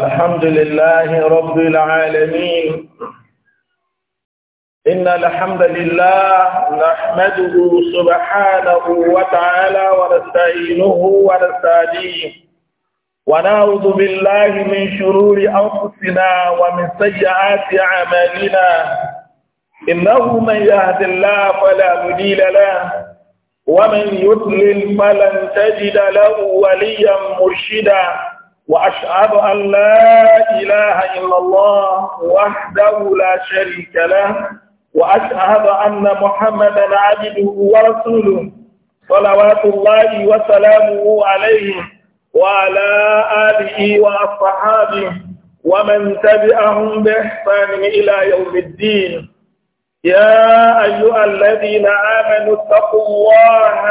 الحمد لله رب العالمين إن الحمد لله نحمده سبحانه وتعالى ونستعينه ونستهديه ونعوذ بالله من شرور أنفسنا ومن سيئات أعمالنا إنه من يهد الله فلا مضل له ومن يضلل فلن تجد له وليا مرشدا وأشهد أن لا إله إلا الله وحده لا شريك له وأشهد أن محمدا عبده ورسوله صلوات الله وسلامه عليه وعلى آله وأصحابه ومن تبعهم بإحسان إلى يوم الدين يا أيها الذين آمنوا اتقوا الله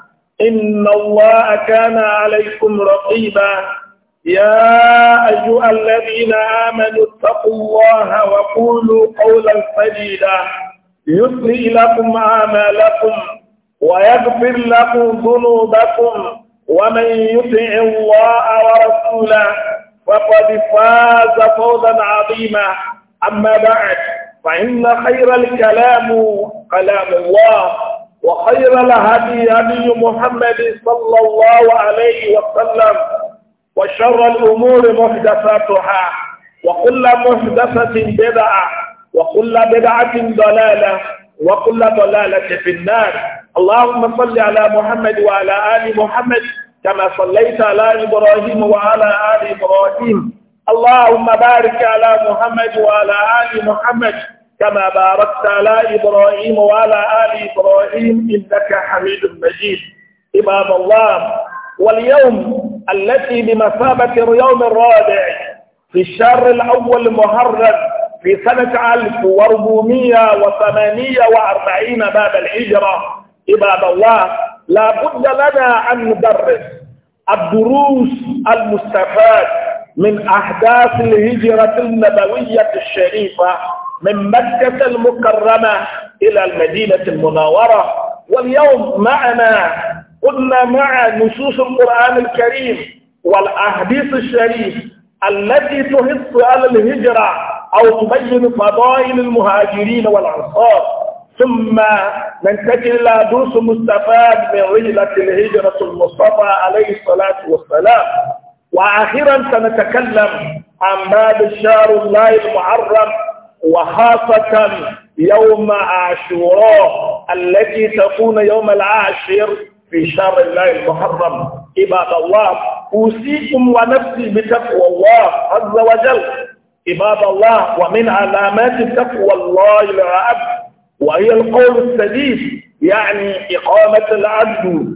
إن الله كان عليكم رقيبا يا أيها الذين آمنوا اتقوا الله وقولوا قولا سديدا يسري لكم أعمالكم ويغفر لكم ذنوبكم ومن يطع الله ورسوله فقد فاز فوزا عظيما أما بعد فإن خير الكلام كلام الله وخير الهدي هدي محمد صلى الله عليه وسلم وشر الأمور محدثاتها وكل محدثة بدعة وكل بدعة ضلالة وكل ضلالة في النار اللهم صل على محمد وعلى آل محمد كما صليت على إبراهيم وعلى آل إبراهيم اللهم بارك على محمد وعلى آل محمد كما باركت على إبراهيم وعلى آل إبراهيم إنك حميد مجيد إمام الله واليوم التي بمثابة اليوم الرابع في الشهر الأول محرم في سنة 1448 بعد الهجرة عباد الله لا بد لنا أن ندرس الدروس المستفاد من أحداث الهجرة النبوية الشريفة من مكة المكرمة إلى المدينة المناورة واليوم معنا قلنا مع نصوص القرآن الكريم والأحاديث الشريف التي تحث على الهجرة أو تبين فضائل المهاجرين والأنصار ثم ننتقل إلى دروس مستفاد من رحلة الهجرة المصطفى عليه الصلاة والسلام وأخيرا سنتكلم عن باب الشهر الله المحرم وخاصة يوم عاشوراء التي تكون يوم العاشر في شهر الله المحرم عباد الله أوصيكم ونفسي بتقوى الله عز وجل عباد الله ومن علامات تقوى الله العبد وهي القول السديد يعني إقامة العبد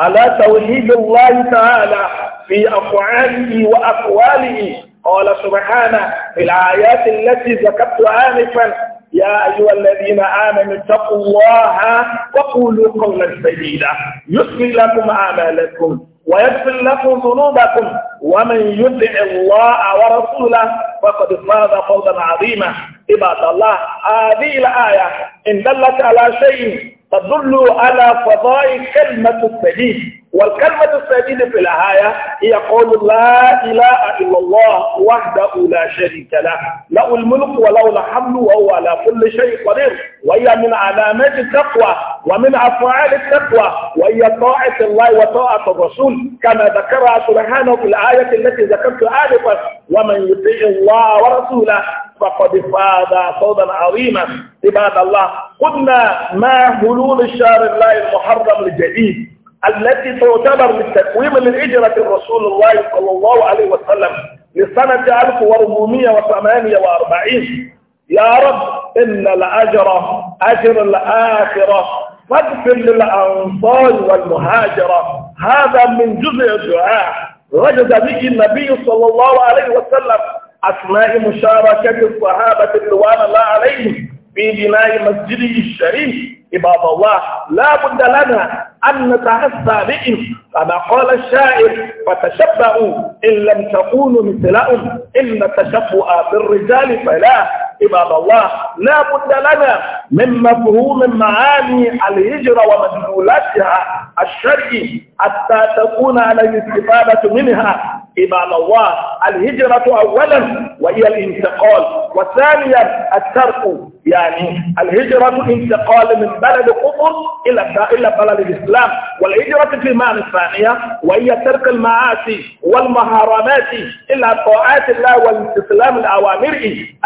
على توحيد الله تعالى في أفعاله وأقواله قال سبحانه في الآيات التي ذكرت آنفا يا أيها الذين آمنوا اتقوا الله وقولوا قولا سديدا يسري لكم أعمالكم ويغفر لكم ذنوبكم ومن يطع الله ورسوله فقد فاز فوزا عظيما عباد الله هذه الآية إن دلت على شيء تدل على فضاء كلمة السبيل والكلمة السبيل في الآية هي قول لا إله إلا الله وحده لا شريك له له الملك وله الحمد وهو على كل شيء قدير وهي من علامات التقوى ومن أفعال التقوى وهي طاعة الله وطاعة الرسول كما ذكرها سبحانه في الآية التي ذكرت آلفا ومن يطيع الله ورسوله فقد فاد صودا عظيما عباد الله قلنا ما هلول الشهر الله المحرم الجديد التي تعتبر تكويم للهجرة رسول الله صلى الله عليه وسلم لسنة 1448 يا رب إن الأجر أجر الآخرة فاغفر للأنصار والمهاجرة هذا من جزء الدعاء رجز به النبي صلى الله عليه وسلم أثناء مشاركة الصحابة رضوان الله عليهم في بناء مسجده الشريف عباد الله لا بد لنا أن نتعسى بهم كما قال الشاعر فتشبعوا إن لم تكونوا مثلهم إن التشبع بالرجال فلا عباد الله لا بد لنا من مفهوم معاني الهجرة ومدلولاتها الشرعي حتى تكون على الاستفادة منها إمام الله الهجرة أولا وهي الانتقال وثانيا الترك يعني الهجرة انتقال من بلد كفر إلى إلى بلد الإسلام والهجرة في معنى الثانية وهي ترك المعاصي والمحرمات إلى طاعات الله والاستسلام الأوامر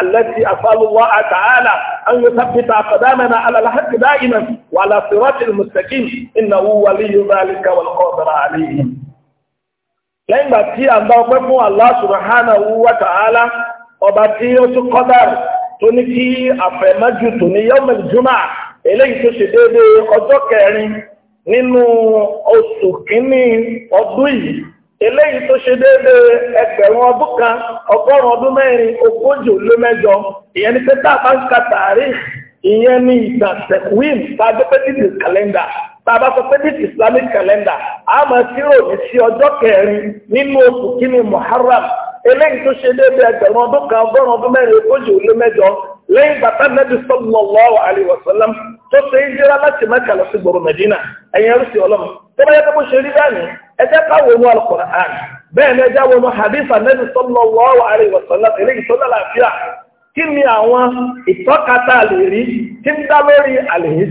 التي أسأل الله تعالى أن يثبت أقدامنا على الحق دائما وعلى صراط المستقيم إنه ولي ذلك والقادر عليه lẹ́yìn ìgbà tí a ń bá ọpẹ́ fún Allah subhanahu wa ta'ala ọba tí ó tún kọ́dàrù tó ní kí àfẹ̀mọ́jù tó ní yọ́mọ̀ jùmọ̀ eléyìí tó ṣe déédé ọjọ́ kẹrin nínú oṣù kínní ọdún yìí eléyìí tó ṣe déédé ẹgbẹ̀rún ọdún kan ọgọ́rùn ọdún mẹ́rin ogójì ló mẹ́jọ ìyẹn ni pé tá a bá ka ìyẹn ni tàbá sọ pé this islamic calendar a máa ṣírò ní sí ọjọ́ kẹrin nínú oṣù kínní muharram eléyìí tó ṣe déédéé ẹgbẹ̀rún ọdún kan ọgọ́rùn ọdún mẹ́rin ogójì ó lé mẹ́jọ lẹ́yìn bàtà nẹ́bí sallallahu alaihi wasallam tó ṣe é jẹ́ra láti Mẹ́kà lọ sí gbòòrò Mẹ́dínà ẹ̀yìn ẹrú sí ọlọ́mù tó bá yẹ kó ṣe rí dání ẹjẹ́ ká wọnú al-Qur'an bẹ́ẹ̀ ni ẹjẹ́ wọnú hadith nẹ́bí sallallahu alaihi wasallam eléyìí tó lálàáfíà kí ni àwọn ìtọ́kata àlèrí tí ń dá lórí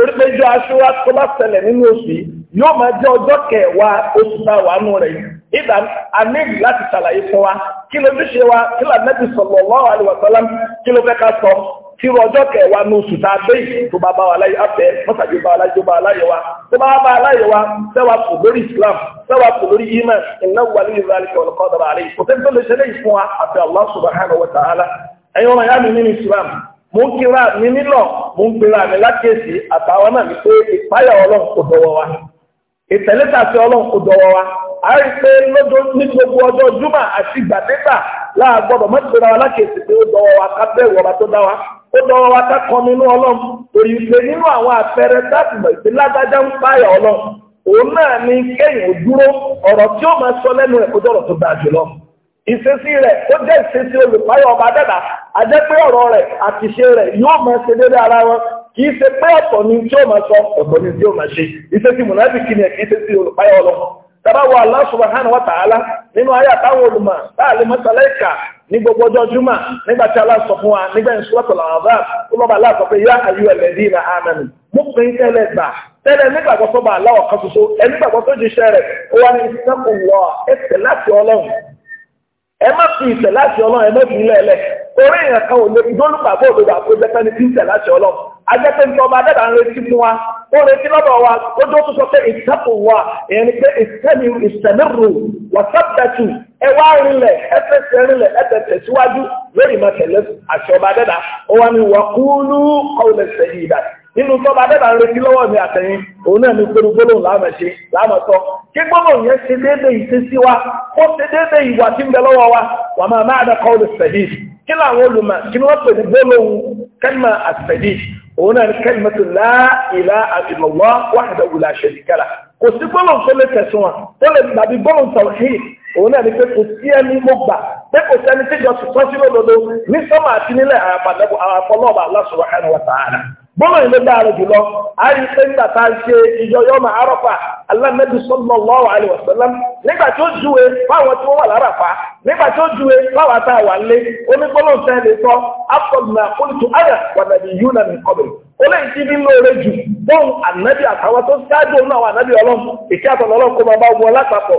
torí pé jọ aṣọwá tó bá ṣẹlẹ̀ nínú oṣù yóò máa jẹ́ ọjọ́ kẹwàá oṣù táwa nù rẹ̀ ìdá àníyàn láti ṣàlàyé fún wa kí ló fi ṣe wa kí lànàbì sallallahu alaihi wasallam kí ló fẹ́ ká sọ tí ọjọ́ kẹwàá ní oṣù tá a dé tó bá bá wa láyé afẹ́ mọ́sàgbé bá wa láyé tó bá wa láyé wa tó bá bá wa láyé wa sẹ́wà kò lórí Islam sẹ́wà kò lórí iman iná wà mo ń kíra mi nílọ̀ mo ń gbéra mi lákèsí àtàwọn náà ní pé ìpáyà ọlọ́run kò dọ̀wọ́ wa ìtẹ̀lẹ́tàsí ọlọ́run kò dọ̀wọ́ wa a rí pé lọ́dọ̀ ní gbogbo ọjọ́ júmọ̀ àti ìgbàdégbà láàgbọ́dọ̀ wa lákèsí pé ó dọ̀wọ́ wa ká bẹ́ẹ̀ wọ̀ra tó dá wa ó dọ̀wọ́ wa ká kọ nínú ọlọ́run òyì nínú àwọn àpẹẹrẹ láti mọ̀ ń páyà ọlọ́run òun ni ọ̀rọ̀ tí sọ lẹ́nu tó isesi rẹ̀ ó jẹ́ ìṣesí olùpáyọ̀ ọba dẹ́dà ajẹ́ pé ọ̀rọ̀ rẹ̀ àti ṣe rẹ̀ yóò máa ṣe dédé ara wọn kì í ṣe pé ọ̀tọ̀ ni tí ó máa sọ ọ̀tọ̀ ni tí ó máa ṣe ìṣesí mùnàfíkì ni ẹ̀kì ìṣesí olùpáyọ̀ ọlọ́run tàbá wo Allah subhanahu wa ta'ala nínú ayé àtàwọn olùmọ̀ láàrin mọ́tàlẹ́kà ní gbogbo ọjọ́ júmọ̀ nígbà tí Allah sọ fún wa nígbà ìṣúwọ́tò bá sọ pé yá ayú mú pé tẹ́lẹ̀ gbà tẹ́lẹ̀ ẹ má fi ìtẹ̀ láti ọlọ́run ẹ má fi ilẹ̀ ẹlẹ̀ orí èèyàn kan ò lè fi dólùpà bó òdodo àpéjẹpẹ́ ní títẹ̀ láti ọlọ́run ajẹ́pẹ́ ní ọba adẹ́dà ń retí fún wa ó retí lọ́dọ̀ wa ó dó tó sọ pé ìtẹ́kùn wa èèyàn ni pé ìtẹ́mi ìsẹ̀mírù wàsápẹ̀tù ẹ wá rinlẹ̀ ẹ fẹsẹ̀ rinlẹ̀ ẹ tẹ̀tẹ̀ síwájú lórí ìmọ̀tẹ̀lẹ́ àṣọ ọba adẹ́dà ó wá ní wàkúlù ọ̀lẹ́sẹ̀ yìí dàdí nínú tọ́ba dẹ́gbà ń retí lọ́wọ́ mi àtẹ̀yìn òun náà ní pẹ̀lú gbólóhùn láàmẹ̀ṣe láàmọ̀tọ́ kí gbólóhùn yẹn ṣe déédéé ìṣesí wa ó ṣe déédéé ìwà tí ń bẹ lọ́wọ́ wa wà máa máa dẹ́kọ́ olùsẹ̀dí kí làwọn olùmọ̀ kí ni wọ́n pè ní gbólóhùn kẹ́lìmọ̀ àṣẹ̀dí òun náà ní kẹ́lìmọ̀ tó lá ìlà àbìlọ́wọ́ wahdahu la sharika lah kò sí gbólóhùn tó lè tẹ̀sùn wọn tó lè dàbí òun náà ni pé kò sí ẹni mo gbà pé kò sẹ́ni tíjọ sùtọ́ sí lódodo ní sọ́mà àti nílẹ̀ àpàdé àpọ̀lọ́ọ̀bà Allah subhanahu wa ta'ala bọ́lọ̀ ìlú jùlọ a rí pé a ṣe ìjọ yọmọ arọ́fà alámẹ́bí sallallahu alaihi wasallam nígbà tó júwe fáwọn tí wọ́n wà láràfà nígbà tó juwe fáwọn tá a wà lé onígbọ́lọ̀ ń lè sọ afọ́nà olùtú ayà wàdàbí yìí nà ní kọ́bẹ̀ ó lè ti bí lóore jù ànábì àtàwọn tó ṣáájú òun àwọn ànábì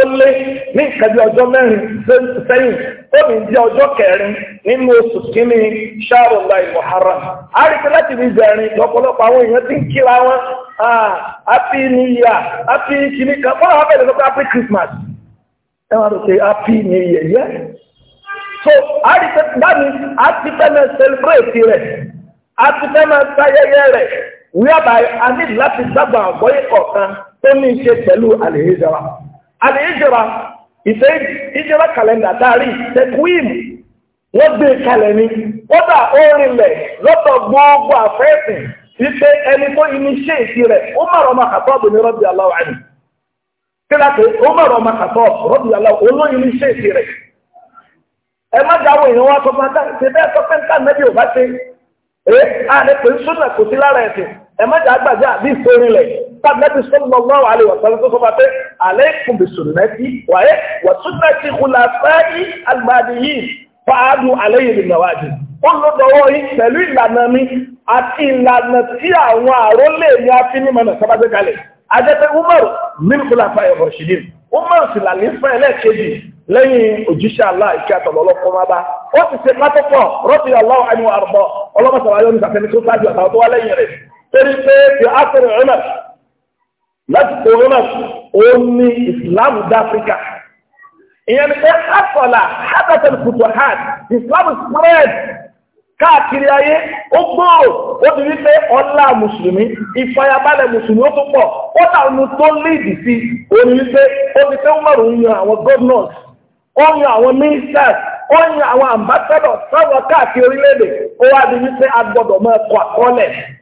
ó lé ní ìkẹ́bí ọjọ́ mẹ́rin sẹ́yìn ó ní di ọjọ́ kẹrin nínú oṣù kínní ṣáàrùnlá ìmọ̀hárà àríkí láti ní ìbẹ̀rin lọ́pọ̀lọpọ̀ àwọn èèyàn ti ń kíra wọn happy new year happy kìíní kan fọ́nà wọn bẹ̀rẹ̀ lọ́pọ̀ happy christmas ẹ wá ló ṣe happy new year yẹ so àríkí dání a ti fẹ́ mẹ́ celebrate rẹ̀ a ti fẹ́ mẹ́ sayẹyẹ rẹ̀ wíwá báyìí a ní láti dàgbà àgbọ́yé kọ̀ọ̀kan tó ní àlèéjọba ìfẹ́ ìjọba kàlẹ́ndà tààrí tẹkùímù wọ́n gbé e kalẹ̀ ni kódà orinlẹ̀ lọ́tọ̀ gbogbo àfẹ́sìn wípé ẹni tó iníṣẹ́ ìsì rẹ̀ ó mọ̀rọ̀ ọmọ kàtọ́ ní rọ́bì aláwọ̀ àná ó mọ̀rọ̀ ọmọ kàtọ́ rọ́bì aláwọ̀ olóyin rẹ̀ ẹ má dáwọ́ sọ fún ṣe bẹ́ẹ̀ sọ ẹ má dàá gbàgbé àbí ìforinlẹ̀ tábìlẹ́tì sallallahu alaihi wasallam tó sọ́ba pé alaykum bi sunnati wàyé wa sunnati khulafai al-mahdiyyin fàádù àlẹ́yìn ìnáwájú. Wọ́n ló dọwọ́ yìí pẹ̀lú ìlànà mi àti ìlànà tí àwọn àrólé ní afínimọ̀nà sábàgbé kalẹ̀. Ajẹ́pẹ́ Umar mímúlá fa ẹ̀rọ ṣìdí. Umar sì là ní fún ẹlẹ́ẹ̀kejì lẹ́yìn òjíṣẹ́ Allah ìkẹ́ àtọ̀lọ́lọ́kọ́ máa bá. Ó ti ṣe pátákọ̀ rọ́bì Allahu àni àrùbọ̀ ọlọ́mọsàwáyọ́ ní sàfẹ́ni tó sáájú àtàwọn tó wá lẹ́yìn rẹ̀. torí pé ti asiri ọmọ láti tó ọmọ ó ní islam ìyẹn ni pé asọ̀là hadathal islam spread káàkiri ayé ó gbòòrò ó ti rí pé ọlá mùsùlùmí ìfàyàbalẹ̀ mùsùlùmí ó tún pọ̀ ó dànù tó léèdì sí òní wípé ó ní pé Umaru ń yan àwọn governors ó yan àwọn ministers ó yan àwọn ambassadors sáwọn káàkiri orílẹ̀-èdè ó wá di wípé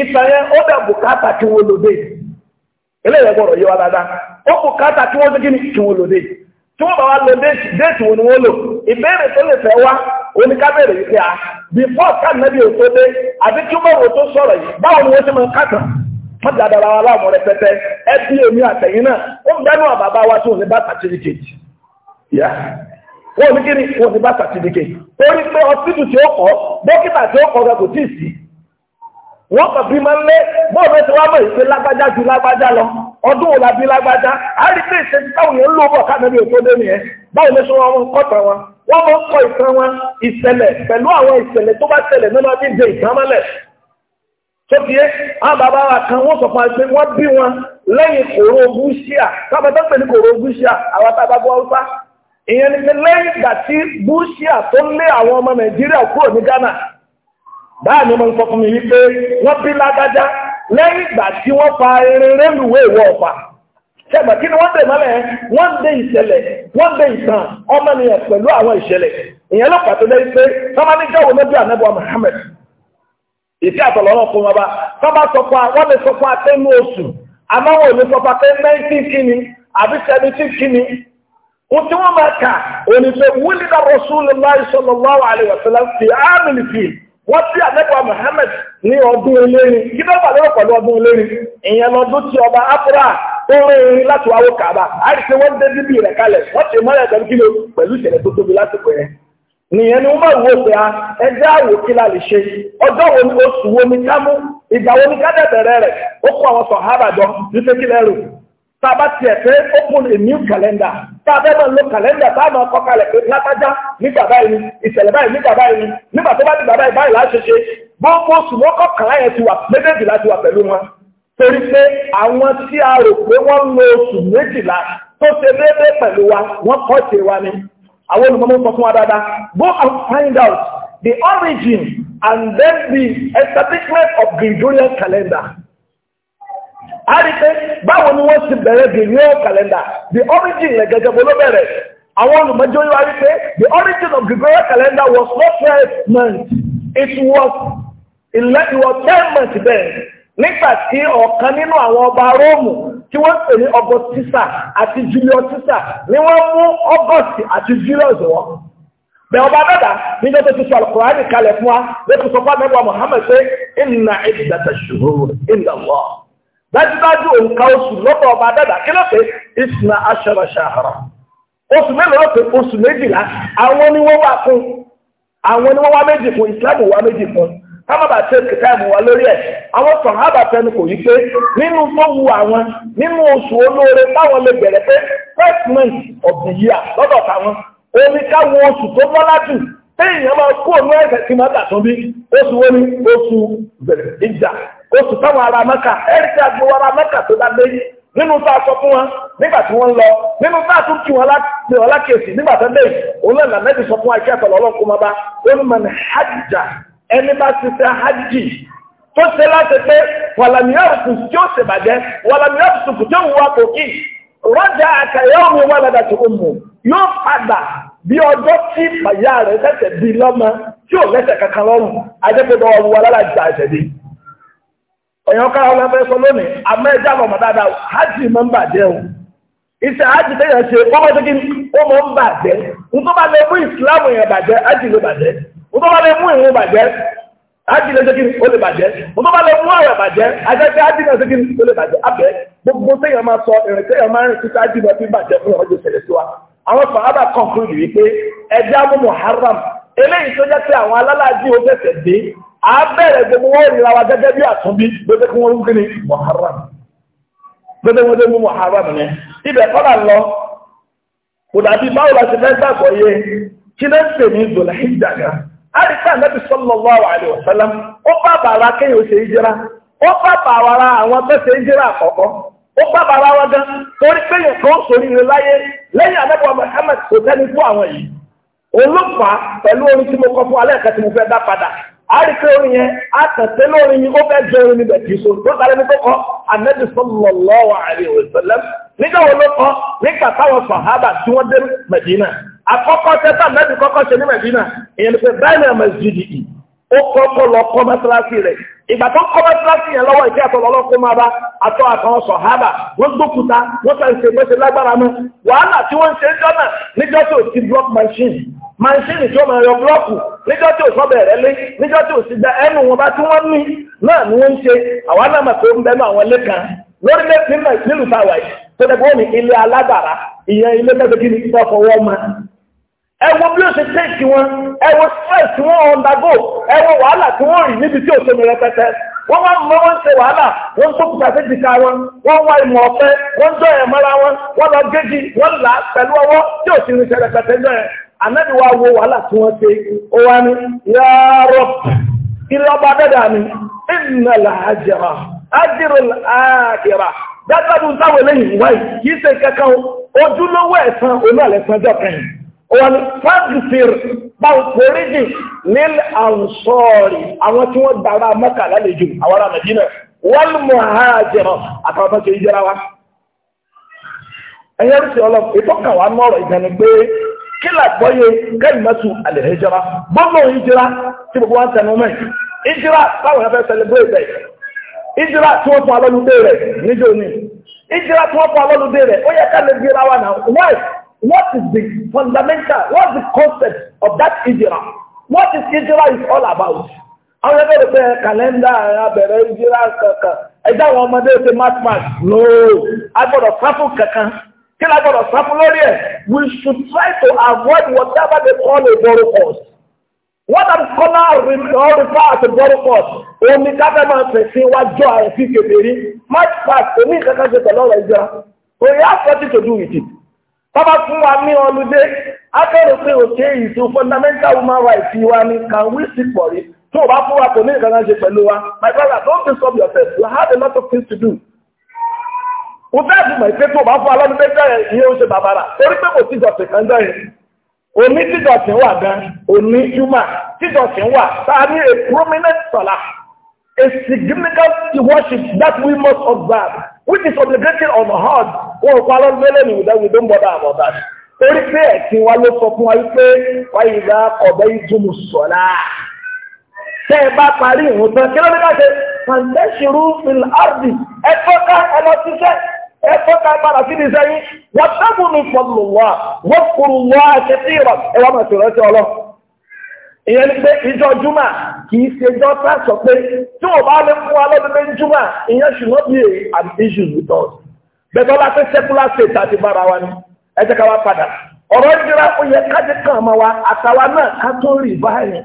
ìtàn yẹn ó dẹ̀ bùkátà kí wọ́n lòdè eléyẹ̀ o yọ adada ó bùkátà kí wọ́n gíní lo wọ́n lòdè tí wọ́n bá wá lò déètì wọn ni wọ́n lò ìbéèrè tó lè fẹ́ wá a before kánàbí ò tó dé àbí kí wọ́n wò tó sọ̀rọ̀ yìí báwo ni wọ́n ti máa kàtàn wọ́n ti dáadáa wa láwọn rẹpẹtẹ ẹ bí àtẹ̀yìn náà wọ́n kàn bí máa ń lé bọ́ọ̀ bẹ́ẹ̀ tí wọ́n mọ̀ ìpè lágbájá ju lágbájá lọ ọdún wo la bí lágbájá á rí pé ìṣẹ́jú táwọn yẹn ń lò bọ̀ káàmì òtó dé nìyẹn báwo ló ṣe wọn wọn kọ́ta wọn wọ́n mọ̀ kọ́ ìtàn wọn ìṣẹ̀lẹ̀ pẹ̀lú àwọn ìṣẹ̀lẹ̀ tó bá ṣẹlẹ̀ nínú ọdún ìdè ìgbàmọ́lẹ̀ sókè àwọn bàbá wa kan wọ́n sọ fún wa pé wọ́n bí wọn lẹ́yìn kòró búṣíà táwọn tó ń pè ní kòró búṣíà àwọn tá a ọ́sá ìyẹn ni lẹ́yìn ìgbà tí búṣíà tó lé àwọn ọmọ nàìjíríà kúrò ní ghana báà ni mo ń sọ fún mi wípé wọ́n bí ládájá lẹ́yìn ìgbà tí wọ́n fa irin rélùwé ìwọ ọ̀pá ṣẹgbà kí ni wọ́n dè mọ́lẹ̀ wọ́n dé ìṣẹ̀lẹ̀ wọ́n dé ìtàn ọmọnìyàn pẹ̀lú àwọn ìṣẹ̀lẹ̀ ìyẹn ló pàtó lẹ́yìn pé sọ́mọ́ ní lójú ànábọ̀ Muhammad ìdí àtọ̀lọ́rọ̀ fún wọn bá sọ́mọ́ sọ wọ́n lè sọ fún oṣù àmọ́ wọn ò lè sọ fún atẹ́nu 19 àbí 17 kíni wọ́n tí wọ́n máa kà òní pé wúlídà Rasulullah sallallahu alaihi wasallam fi áàmì fìlì wọ́n tí àmẹ́kọ̀ọ́ Muhammad ní ọdún eléyìn kí ló bà lọ́rọ̀ pẹ̀lú ọdún eléyìn ìyẹn lọ́dún tí ọba afra tó rìn láti wáwó kàbà á rí pé wọ́n dé bíbí rẹ̀ kalẹ̀ wọ́n ti mọ́lẹ̀ pẹ̀lú kílò pẹ̀lú ìṣẹ̀lẹ̀ tó tóbi lásìkò yẹn nìyẹn ni wọ́n máa wo pé a ẹjẹ́ àwò kí la lè ṣe ọjọ́ wo ni oṣù wo ni ká mú ìgbà wo ni ká dẹ̀ bẹ̀rẹ̀ rẹ̀ ó kó àwọn sọ̀hábà jọ ní pé kí lẹ́rù tá a bá tiẹ̀ pé open a new calendar tá a bẹ́ẹ̀ máa lo calendar tá a máa kọ́ kalẹ̀ pé lágbájá nígbà báyìí ni ìṣẹ̀lẹ̀ báyìí nígbà báyìí ni nígbà tó bá dìgbà báyìí báyìí láṣeṣe gbogbo oṣù mọ́kànlá yẹn ti wà méjèèjì láti wà pẹ̀lú wọn torí pé àwọn tí a rò pé wọ́n lo oṣù méjìlá tó ṣe déédéé pẹ̀lú wa wọ́n kọ́ ṣe wa ni àwọn olùmọ́mọ́ sọ fún wa dáadáa go and find out the origin and then the establishment of Gregorian calendar. a rí pé báwo ni wọ́n ti bẹ̀rẹ̀ real calendar the origin rẹ̀ gẹ́gẹ́ bó ló bẹ̀rẹ̀ àwọn olùmọ̀jọ́ yóò wá rí pé the origin of Gregorian calendar was not twelve months it was eleven was ten months then nígbà tí ọ̀kan nínú àwọn ọba Róòmù tí wọ́n pè ní August Caesar àti Julius Caesar ni wọ́n mú August àti Julius wọn bẹ ọba dada níjọ́ tó ti sọ Al-Qur'ani kalẹ̀ fún wa lẹ́tọ̀ọ́ sọ fún amẹ́wàá Muhammad pé inna iddatash shuhur inda Allah. dájúdájú òǹkà oṣù lọ́pọ̀ ọba dàdà kí ló pé ìsìnà aṣọ́ra ṣàhárà oṣù mélòó ló pé oṣù méjìlá àwọn ni wà fún àwọn ni wọ́n méjì fún ìsìlámù wá méjì fún kámábà tẹ kìtáìmù wa lórí ẹ̀ àwọn sàhábà tẹnu kò yí pé nínú tó first month of the year lọ́dọ̀ táwọn omi káwọn oṣù tó èèyàn máa kó òun ẹ̀sẹ̀ kí máa tàtún bí oṣù wo ni oṣù bẹ̀rẹ̀ ìjà oṣù táwọn ará mẹ́ka ẹ̀rí tí a gbowó ará mẹ́ka tó dá lé nínú tá a sọ fún wọn nígbà tí wọ́n ń lọ nínú tá a tún kí wọn láti wọn lákèsí nígbà tó dé òun náà làmẹ́bí sọ fún akẹ́ àtọ̀lọ́ ọlọ́run kó máa bá ó ní mọ̀ ní hajjá ẹni bá ti ṣe hajj tó ṣe láti pé wàlàmíyàrùkù tí ó ṣèbàjẹ́ wàlàmíyàrùkù tí ó wù wá kò kí rọ́jà àkàyọ́ mi wà lọ́dà tó yóò padà bí ọjọ́ tí bàyá rẹ̀ tẹ̀sẹ̀ bí lọ́mọ tí ò lẹ́sẹ̀ kankan lọ́rùn ọ̀rùn wa lára ọ̀yàn kára fẹ́ sọ lónìí àmọ́ ẹja lọ mọ̀ dáadáa hajj ń bàjẹ́ o iṣẹ́ hajj tẹ̀yàn ṣe ó mọ̀ sígi ó mọ̀ ń bàjẹ́ n tó lè mú ìsìláàmù yẹn bàjẹ́ hajj n lè bàjẹ́ gbogbo téèyàn máa sọ ìrìn téèyàn máa ń rìn títí ájú lọ fi bàjẹ́ fún ọjọ́ ìṣẹ̀lẹ̀ sí wa àwọn sàhábà conclude wípé ẹja mú muharram eléyìí tó jẹ́ pé àwọn alálàájì ó fẹ̀sẹ̀ dé á bẹ̀rẹ̀ gbogbo wọn ìrìn wa gẹ́gẹ́ bí àtúnbí gbogbo kí wọ́n rú kíni muharram gbogbo wọn dé mú muharram ni ibẹ̀ kọ́là lọ kò dàbí báwo la ti fẹ́ gbàgbọ́ yé kí ó bá bàrà kéèyàn ṣe ìjẹra ó bá àwọn tó ṣe ìjẹra àkọ́kọ́ ó bá bàbá wọn gan torí pé yẹn kan sórí rẹ láyé lẹ́yìn anábọ̀ Muhammad kò tẹ́ni fún àwọn yìí olùfà pẹ̀lú orin tí mo kọ fún alẹ́ ẹ̀ka tí mo fẹ́ dá padà a rí pé orin yẹn a tẹ̀sẹ̀ lórin yìí ó fẹ́ jẹ orin níbẹ̀ kì í so tó sáré ní tó kọ Ànábì sallallahu alaihi wasallam nígbà wo ló kọ nígbà táwọn sàhábà tí wọ́n dé Mẹ̀dínà àkọ́kọ́ tẹ́tà Ànábì kọ́kọ́ ṣe ní Mẹ̀dínà ìyẹn ni pé báyìí ni ó kọ́kọ́ lọ kọ́ mẹ́sàlásì rẹ̀ ìgbà tó kọ́ mẹ́sàlásì yẹn lọ́wọ́ ìdí àtọ̀ lọ́lọ́kọ́ máa bá atọ́ àtàwọn sọ̀hábà wọ́n gbókúta wọ́n sàn ṣe mẹ́sẹ̀ lágbára mọ́ wàhálà tí wọ́n ń ṣe jọ́nà níjọ́ tó ti block machine machine tí ó máa yọ blọ́ọ̀kù níjọ́ tí ò sọ bẹ̀rẹ̀ lé níjọ́ tí ò sì gba ẹnu wọn bá tí wọ́n ní náà ni wọ́n ń ṣe àwa náà mà tó ń bẹnu àwọn ilé kan lórílẹ̀ nílùú tàwa yìí tó dẹ̀ bọ́ ní ilé aládàra ìyẹn ilé tẹ́tẹ́ kí ni máa ẹ wo bí ó ṣe tẹ́ẹ̀kì wọn ẹ wo stress tí wọ́n ọ̀ndàgò ẹ wo wàhálà tí wọ́n rìn níbi tí ò tóbi rẹpẹtẹ wọ́n wá mọ wọ́n ṣe wàhálà wọ́n tó kùtà sí jìkà wọn wọ́n wá ìmọ̀ ọ̀fẹ́ wọ́n jọ ẹ̀ mọ́ra wọn wọ́n lọ géjì wọ́n là á pẹ̀lú ọwọ́ tí ò sì rìn ṣe rẹpẹtẹ náà ànábì wa wo wàhálà tí wọ́n ṣe ó wá ní yàrá ilé ọba dẹ́dà ni ìnàlà àjẹrà àjẹrò àjẹrà dákàdùn táwọn eléyìí wáyìí kì í ṣe kankan ojúlówó ẹ̀sán olú àlẹ́sán jọ kẹyìn wọ́n fàdìsìr bá ń foríjì nílẹ̀ àǹsọ́ọ̀rì àwọn tí wọ́n na mẹ́kà ha jẹ̀rọ àtàwọn tó ṣe ìjẹra wa. ẹ̀yẹ́ rúṣì ọlọ́ ìtọ́ka wa mọ́rọ̀ ìdáni pé kí làgbọ́yé kẹ́lìmẹ́tù àlẹ́hẹ́jẹra gbọ́dọ̀ ìjẹra tí gbogbo What is the fundamental, what is the concept of that Hijra? What is Hijra is all about? Àwọn ẹgbẹ́ rẹ̀ pé kàlẹ́ndà abẹ̀rẹ̀ Hijra kankan, ẹjá àwọn ọmọdé ṣe mathematics no, agbọ́dọ̀ sáfù kankan, kí la gbọ́dọ̀ sáfù lórí ẹ̀? We should try to avoid whatever they call a borrow cost. What am scholars all refer as a borrow cost? Omi káfẹ́ máa fẹ̀sìn wájú ààrẹ sí kèfèrí, mathematics omi kankan ṣe pẹ̀lú ọ̀rọ̀ ìjọra. We have nothing to do with it. Bàbá fún wa ní ọlúdé, a kẹ́rò pé òkè ìtò fundamental human rights wa ni can we see for it? Tó o bá fún wa kò ní ìkànnà ṣe pẹ̀lú wa. My brother, don't disturb yourself. You have a lot of things to do. Mo fẹ́ fún mọ̀ ìpé tó o bá fún alọ́dúnlé bẹ́ẹ̀ ìyẹn ó ṣe bàbàrà. Torí pé kò sí ìjọsìn kan jọ yẹn. Òní tíjọsìn wà gan, òní human. Tíjọsìn wà, tá a ní a prominent salah. A significant worship that we must observe, which is obligated on us wọn ò parọ́ lélẹ̀ ní ìdáhùn tó ń bọ̀ dáàbọ̀ dáàbọ̀ torí pé ẹ̀sìn wa ló sọ fún wa wípé wáyé ìdá ọ̀bẹ ìtumù sọ̀lá tẹ́ ẹ bá parí ìhùn tán kí ló dé káṣe pàǹtẹ́sìrú fil ardi ẹ fọ́ká ẹ lọ síṣẹ́ ẹ fọ́ká ẹ padà síbi iṣẹ́ yín wọ́n tẹ́kùn ní fọlù wá wọ́n kúrú wá ṣe sí ìrọ̀ ẹ wá màtí rẹ̀ sí ọlọ́ ìyẹn ni pé ìjọ Juma. kì í ṣe jọ sá sọ pé tí ò bá lè fún wa lọ́dún lé júmà ìyẹn ṣùgbọ́n bí i àbíṣù lùtọ́sí bẹ́ẹ̀ bá fẹ́ secular state àti bára wa ni ẹ jẹ́ ká wá padà ọ̀rọ̀ ìdíra ó yẹ kájí kan mọ́ wa àtàwa náà ká tó rí báyìí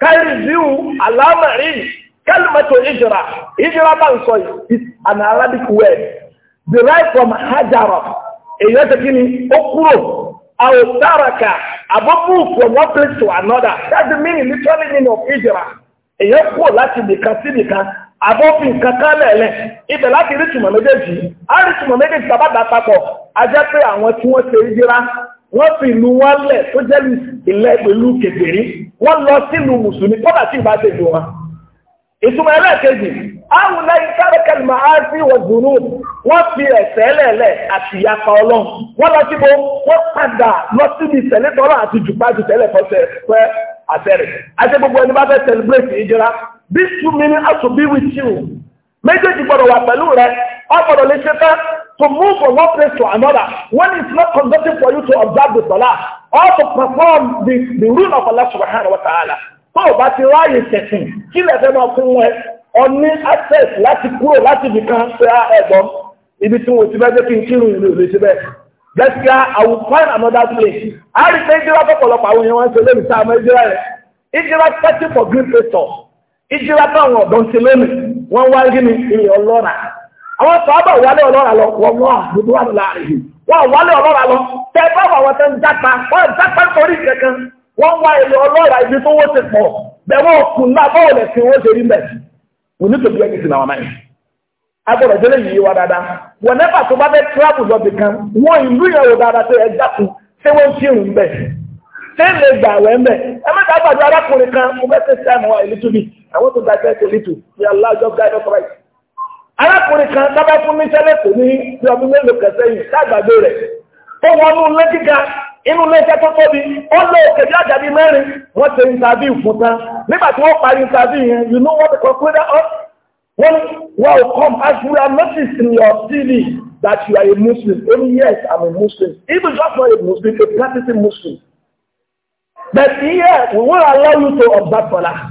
káyìrì bíu àlámàrí kálímẹ̀tò ìjìrà ìjìrà bá ń sọ yìí an Arabic word derived from hajara èyí ni ó kúrò àbọ̀bù one place to another that's the meaning of ìjìrà èyí kúrò láti sí àbófin kankan lẹ̀lẹ̀ ibẹ̀ láti rí tùmọ̀ méjèèjì a rí tùmọ̀ méjèèjì tàbá dàpapọ̀ a jẹ́ pé àwọn tí wọ́n ṣe yíra wọ́n fi ìlú wọn lẹ̀ tó jẹ́ ilẹ̀ pẹ̀lú kèbèrí wọ́n lọ sínú mùsùlùmí kọ́dà tí ìbá ṣe ìlú wọn. ìtumọ̀ ẹlẹ́ẹ̀kejì àwọn láyé kárẹ́kẹ́lì máa ń fi wọ̀dùnú wọ́n fi ẹ̀sẹ̀ lẹ̀lẹ̀ àti ìyapa ọlọ́run wọ́n lọ síbo wọ́n padà lọ síbi ìtẹ̀lẹ́tọ́rọ̀ àti jùpá jù tẹ́lẹ̀ fọ́sẹ̀ pẹ́ àtẹ̀rẹ̀ àti gbogbo ẹni bá fẹ́ celebrate ìjọra This two minutes has to be with you. Méjèèjì gbọ́dọ̀ wà pẹ̀lú rẹ̀, ọ gbọ́dọ̀ lè ṣe tán to move from one place to another when it's not conducting for you to observe the salah or to perform the, the rule of Allah subhanahu wa ta'ala. Tó o bá ti ráyè ṣẹ̀sìn, kí lè fẹ́ máa fún wọn ọ access láti kúrò láti ibì kan ṣe á ah, ẹ̀gbọ́n ibi tí wọ́n ti bẹ́ẹ̀ jẹ́ kí n kírun ìlú ìlú ìṣẹ́bẹ̀. Jessica, I will find another place. A rí pé ìjírá tọ́pọ̀lọpọ̀ àwọn èèyàn wọn ṣe lórí sáà mọ́ ìjírá rẹ̀. Ìjírá searching for green pastors. ìjírá táwọn ọ̀dọ́ ń ṣe lónìí wọ́n wá rí ní èèyàn ọlọ́ra àwọn sọ́ọ́bà wálé ọlọ́ra lọ wọ́n wọ́n àbúrò wà láàrin wọ́n wálé ọlọ́ra lọ tẹ báwọn àwọn tẹ ń jápa wọ́n jápa torí kankan wọ́n wá èlò ọlọ́ra ibi tó wọ́n ti pọ̀ òkun náà bọ́ọ̀ lẹ̀ sí wọ́n ṣe rí onítòbí ẹni sì yìí wá kan wọn ìlú yẹn wò dáadáa tó yẹ I want to divert a little. May Allah just guide us right. Arákùnrin kan sábà fún ní sẹ́lẹ̀ kò ní bí ọdún mélòó kẹsẹ̀ yìí ságbàgbé rẹ̀. Ó wọnú ilé kíga inú iléeṣẹ́ tó tóbi, ó lé òkè bí àjàbí mẹ́rin, wọ́n ṣe interview fún tán. Nígbà tí wọ́n parí interview yẹn, you know what the conclusion of? Wọ́n wá ò come as we are noticed in your TV that you are a Muslim. Ó ní yes, I'm a Muslim. Even just not a Muslim, a practicing Muslim. But here, we won't allow you to observe that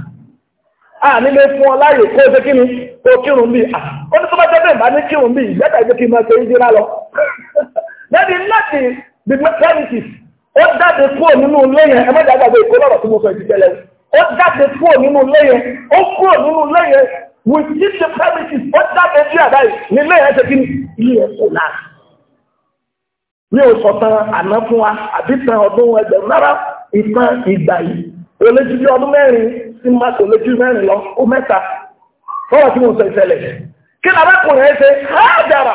ànílé fún ọ láyè kó ṣe kí ni kó kírun bí ó ní tó bá jẹ́ bẹ́ẹ̀ bá ní kírun bí lẹ́tà ìjẹ́ kí n máa ṣe ìdíra lọ. lẹ́bi láti the maternity ó jáde kúrò nínú ilé yẹn ẹ mẹ́ta gbàgbé ìkó lọ́rọ̀ tí mo sọ ìdíjẹ́lẹ̀ ó jáde kúrò nínú ilé ó kúrò nínú ilé with this premises ó jáde sí àdáyé nílé yẹn ṣe kí ni ilé ẹ̀ kò náà. mi ò sọ tán àná fún wa àbí tán ọdún ẹgbẹ̀rún rárá ìtàn ìgbà yìí olójújú ọdún si sí máṣe olójú mẹ́rin lọ ó mẹ́ta fọ́wọ́ tí mo sọ ìṣẹ̀lẹ̀ kí lábẹ́kùnrin ẹ ṣe háàdára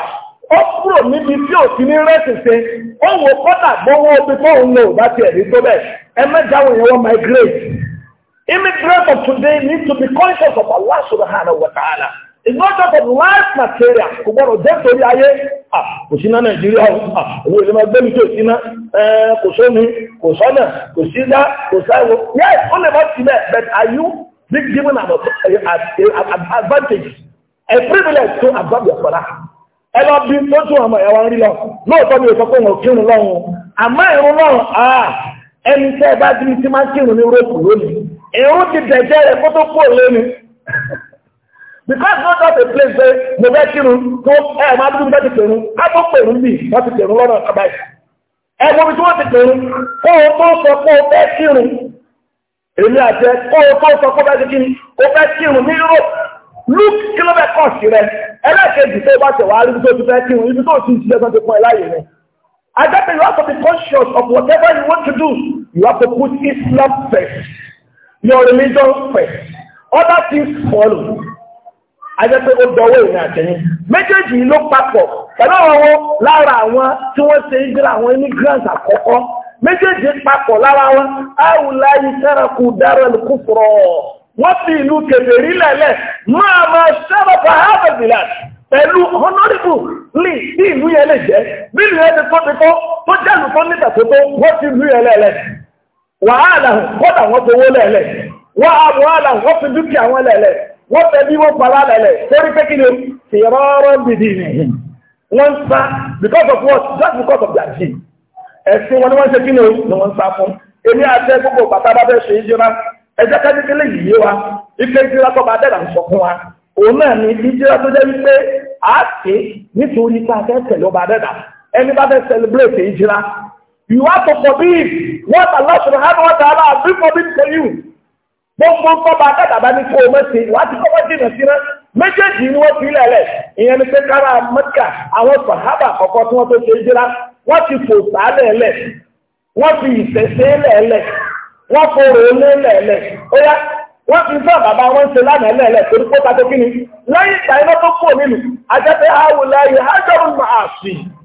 ó kúrò níbi tí ò sí ní rẹ́sì ṣe ó wò kọ́tà gbọ́wọ́ omi tó ń lò bá tiẹ̀ ní tó ẹ migrate of today need to be conscious of Allah It's not just of life material. Kò gbọ́dọ̀ jẹ́ torí ayé. Kò síná Nàìjíríà o. Owó ìlú máa gbẹ́mi tó síná. Kò sómi, kò sọ́nà, kò síná, kò sáwọ. Yes, ó lè advantage? A privilege to absorb your Ẹ lọ bí tó tún ẹ̀wà ń rí lọ. Lóòótọ́ ni wọn kírun Àmọ́ ẹni tẹ́ bá dín máa kírun ní lónìí. because not doubt a place where mo fẹ́ kírun tó ẹ máa dúdú bá ti pèrún ká tó pèrún bì wọ́n ti pèrún lọ́nà ọ̀kadà yìí ẹ mọ̀ bí tí wọ́n ti pèrún kó o tó sọ pé o fẹ́ kírun èmi àjẹ kó o tó sọ pé o fẹ́ ti o fẹ́ kírun ní Europe look kilometre cost rẹ ẹlẹ́ẹ̀kejì tó o bá ṣẹ̀wá rí ibi tó o ti fẹ́ kírun ibi tó o ti ń ṣiṣẹ́ ti pọ́n ẹ láàyè rẹ I get the you have to be conscious of whatever you want to do. You have to put Islam first, your religion first. Other things follow ajẹ́ pé ó dọwọ́ ìrìn àtẹ̀yìn méjèèjì ló papọ̀ pẹ̀lú àwọn lára àwọn tí wọ́n ṣe ń gbéra àwọn immigrants àkọ́kọ́ méjèèjì papọ̀ lára wọn àwùlá ìṣẹ́rakù dára lè kú fọ̀rọ̀ wọ́n fi ìlú kèfèrí lẹ̀lẹ̀ máa máa ṣẹ́rọ̀ pa ábẹ̀bìlà pẹ̀lú honorable lè bí ìlú yẹn lè jẹ́ bí ìlú yẹn ti tó ti tó tó jẹ́ ìlú tó níta tó tó wọ́n fi ìlú yẹn lẹ̀lẹ̀ wàhálà kọ́dà wọ́n fowó lẹ̀lẹ̀ wọ́n àbọ̀ wàhálà wọ́n fi dúkìá wọn lẹ̀lẹ̀ wọ́n tẹ̀lé wọ́n pàlá lẹ̀lẹ̀ torí pé kí ni ti rọ́rọ́ bìdì nìyẹn wọ́n sá because of what just because of their gene ẹ̀sìn wọn ni wọ́n ṣe kí ni o ni wọ́n sá fún èmi àti gbogbo bàtà bá fẹ́ ṣe ìjọba ẹjẹ́ ká nípínlẹ̀ lè yìí wa ife ìjọba tó bá dẹ̀dà ń sọ fún wa òun náà ni ìjọba tó jẹ́ wípé a ṣe nítorí pé a fẹ́ tẹ̀lé ọba dẹ̀dà ẹni bá fẹ́ celebrate ìjọba you have to forbid what Allah subhanahu wa ta'ala has been forbid for you. gbogbo ń kọ́ba ní kó o mẹ́sẹ̀ a kọ́kọ́ dènà sí rẹ méjèèjì ni wọ́n fi lẹ̀lẹ̀ ìyẹn ni pé kára mẹ́kà àwọn sàhábà kọ̀kọ́ tí wọ́n tó ṣe jẹ́ra wọ́n ti fò sálẹ̀ lẹ̀ wọ́n fi ìṣẹ̀ṣe lẹ̀lẹ̀ wọ́n forò lé lẹ̀lẹ̀ ó yá wọ́n fi fẹ́ bàbá wọn ṣe lánàá lẹ̀lẹ̀ torí pé pàtó kí ni lẹ́yìn ìgbà iná tó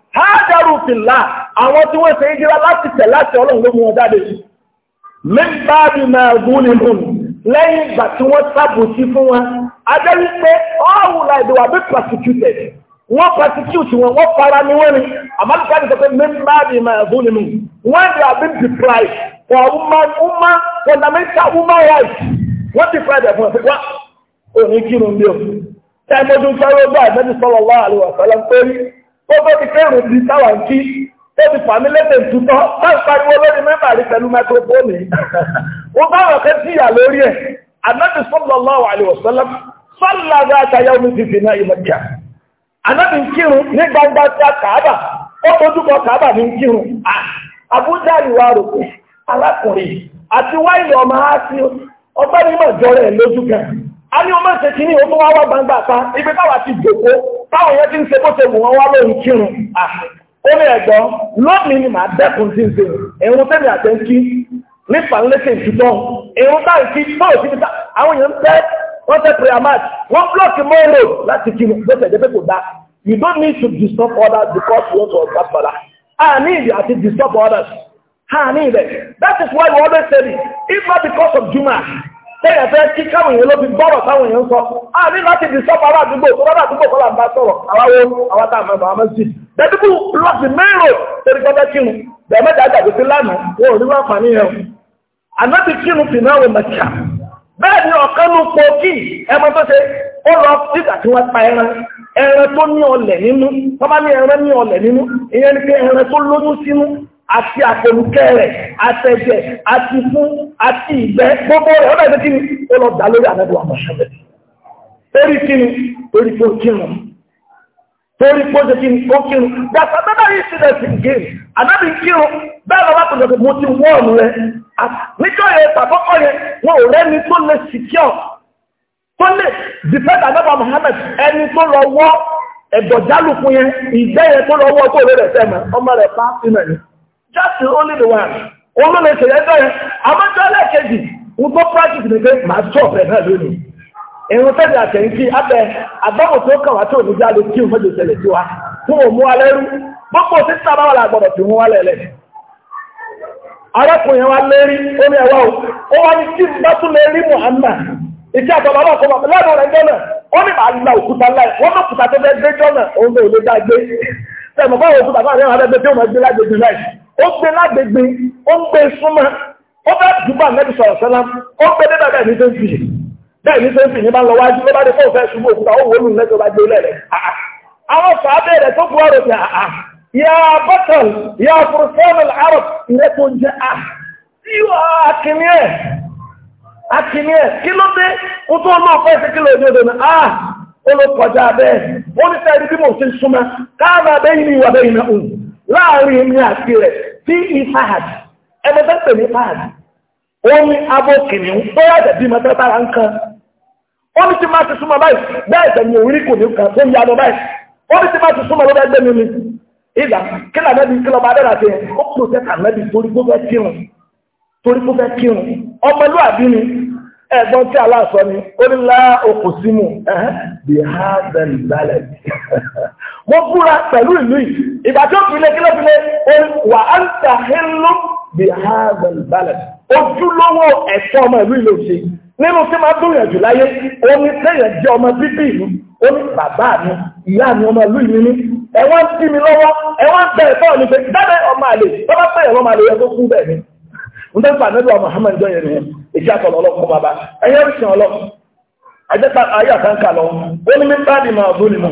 hádàrú fìlà àwọn tí wọ́n ṣe ń jíra láti tẹ̀ láti ọlọ́run ló mú wọn jáde yìí mẹ́bàbí máa gún ní hùn lẹ́yìn ìgbà tí wọ́n sábòsí fún wọn ajẹ́ wípé all like they were persecuted wọ́n persecute wọn wọ́n fara ní wọ́n ni àmàlùkà ní sọ pé mẹ́bàbí máa gún ní hùn wọ́n they have been deprived for woman woman fundamental woman rights wọ́n deprived ẹ̀ fún ẹ̀ wá òní kírun bí o tẹ́ mọ́jú fẹ́rẹ́ bá ẹ̀ ó tó ti fẹ́ ìròyìn táwà ń kí ó ti fà mí lẹ́sẹ̀ ìtútọ́ láti pariwo lórí mẹ́fà rí pẹ̀lú máikrófóònù yìí ó bá wọn kẹ́ síyà lórí ẹ̀ anábì omi ti fìnà ìmọ̀jà anábì ń kírun ní gbangba sí ó kàábà ní kírun àbújá ìwà alákùnrin àti wáìlì ọmọ táwọn yẹn ti ń ṣe bó ṣe wù wọ́n wá lóhun kírun ó ní ẹ̀gbọ́ lónìí ni màá dẹ́kun sí ṣe ẹ̀rùn tẹ́mi àtẹ́ ń kí nípa ńlẹ́sẹ̀ ìtútọ́ ẹ̀rùn táwọn kí bóò sí níta àwọn èèyàn ń tẹ́ wọ́n tẹ́ prayer match wọ́n blọ́ọ̀kì mọ́ láti kírun bó ṣe jẹ́ kò dá you don't need to disturb others because you want to observe Salah a ní ìdí àti disturb others a ní ilẹ̀ that is why we always say it if not because of Juma tẹ́yẹ̀ fẹ́ kí káwọn èèyàn ló fi gbọ́rọ̀ táwọn a láti di sọ́pọ̀ ará àdúgbò tó rárá àdúgbò kọ́lá ń bá sọ̀rọ̀ àwáwó àwọn tá a máa bàá mẹ́sì dẹ́dúkú lọ́sì mẹ́rò torí kírun bẹ́ẹ̀ mẹ́ta sí lánàá wọn ò yẹn o ànábì kírun sì náà wọ bẹ́ẹ̀ ni ọ̀kan po kí ẹmọ tó ṣe ó nínú tọ́ bá ní ẹran ní nínú ìyẹn ni pé àti àpolùkẹ́ rẹ̀ àtẹ̀jẹ̀ àti fún àti ìgbẹ́ gbogbo rẹ̀ ọ̀dọ̀ ìgbẹ́kí ó lọ dá lórí àmẹ́bùwà mọ̀ṣẹ́lẹ̀ torí kí ni torí kí ó kírun torí kí ó ṣe kí ni ó kírun gbàtà bẹ́ẹ̀ yìí ti rẹ̀ sì ń gé ànábì ń kírun bẹ́ẹ̀ lọ́wọ́ tó jẹ́ mo ti wọ́ọ̀nù rẹ̀ níjọ́ yẹn tàbọ́kọ́ yẹn wọn ò rẹ́ni tó lè sìkíọ̀ tó lè dìfẹ́tà ànábà Muhammad ẹni tó lọ wọ́ ẹ̀dọ̀jálùkún yẹn ìgbẹ́ yẹn tó lọ wọ́ tó lè rẹ̀ fẹ́ mọ́ ọmọ rẹ̀ pa sílẹ̀ ni. that's the only the one òun ló lè ṣèyẹ bẹ́ẹ̀ àmọ́jọ́ lẹ́ẹ̀kejì ń practice ni pé màá tọ́ ọ̀fẹ́ náà lónìí ìrún nke àtẹ̀yìntì tó kàn wá tó kí sí wa fún òmu gbogbo bá wà tí arákùnrin wa lérí omi o ó wá ní tí bá tún lè rí Muhammad ìkí àtọ̀bà náà kọ́mọ̀ lẹ́nu rẹ̀ jọ́nà ó ní ẹ̀mọ̀ báwo tó bàbá rẹ̀ rẹ̀ tí ó mọ̀ gbé lágbègbè rẹ̀ ó gbé lágbègbè ó ń gbé súnmọ́ ó bá dùbà nẹ́bí sọ̀rọ̀ sẹ́lá ó gbé dé bẹ́ẹ̀ ní sẹ́ńsì bẹ́ẹ̀ ní sẹ́ńsì ní bá lọ wájú ló bá dé fóun fẹ́ ṣubú òkúta ó wòlù lẹ́sọ̀ bá gbé lẹ́rẹ̀ àwọn fàábẹ̀ rẹ̀ tó buwọ́ rẹ̀ yà bọ́tàn yà fúrufẹ́mẹ̀l arab ilẹ̀ tó jẹ́ à tí ó akíní ẹ̀ akíní ẹ̀ kí ló dé kó tó náà fẹ́ sí kí ló dé ó ló kọjá bẹ́ẹ̀ ó ní bí mo ṣe ń súnmọ́ káàbà bẹ́yìn ní ìwà bẹ́yìn òun láàrin èmi àti rẹ̀ tí ìfahàd ẹgbẹ́ pè ní fahàd ó ní abo kìnìún tó yàtọ̀ bí mọ́tẹ́ bára ń kan ó ní tí máa ti súnmọ́ báyìí bẹ́ẹ̀ tẹ̀ orí kò ní kan tó ń yanu báyìí ó ní tí máa ti mi ìgbà ó ẹ̀gbọ́n tí aláàsọ ni ó ní lá okò símù bí ha bẹ̀rù lálẹ́ búra pẹ̀lú ìlú ìgbà tó fi lé kí ló lé wà á ń ta hélò bí ha bẹ̀rù ojúlówó ẹ̀ṣọ́ ọmọ ìlú ìlú ṣe nínú tí máa dùn yànjú láyé omi tẹ̀yẹ̀ jẹ́ ọmọ bíbí ìlú ó bàbá mi ìyá mi ọmọ ìlú ìlú ní ẹ̀wọ́n ń tì lọ́wọ́ ẹ̀wọ́n ń bẹ̀rẹ̀ mi pé dábẹ́ ọmọ àlè tọ́ bá pẹ̀yẹ̀ ọmọ àlè yẹ kó kú bẹ́ẹ̀ ni ń tẹ́ fà nílùú jọ yẹn nìyẹn iṣẹ́ àtọ̀lọ́ ọlọ́pọ̀ bàbá ẹ̀yẹ́ ìsìn ọlọ́pọ̀ ajẹ́ta ayé àtàǹkà lọ ó ní mípa di máa dún nínú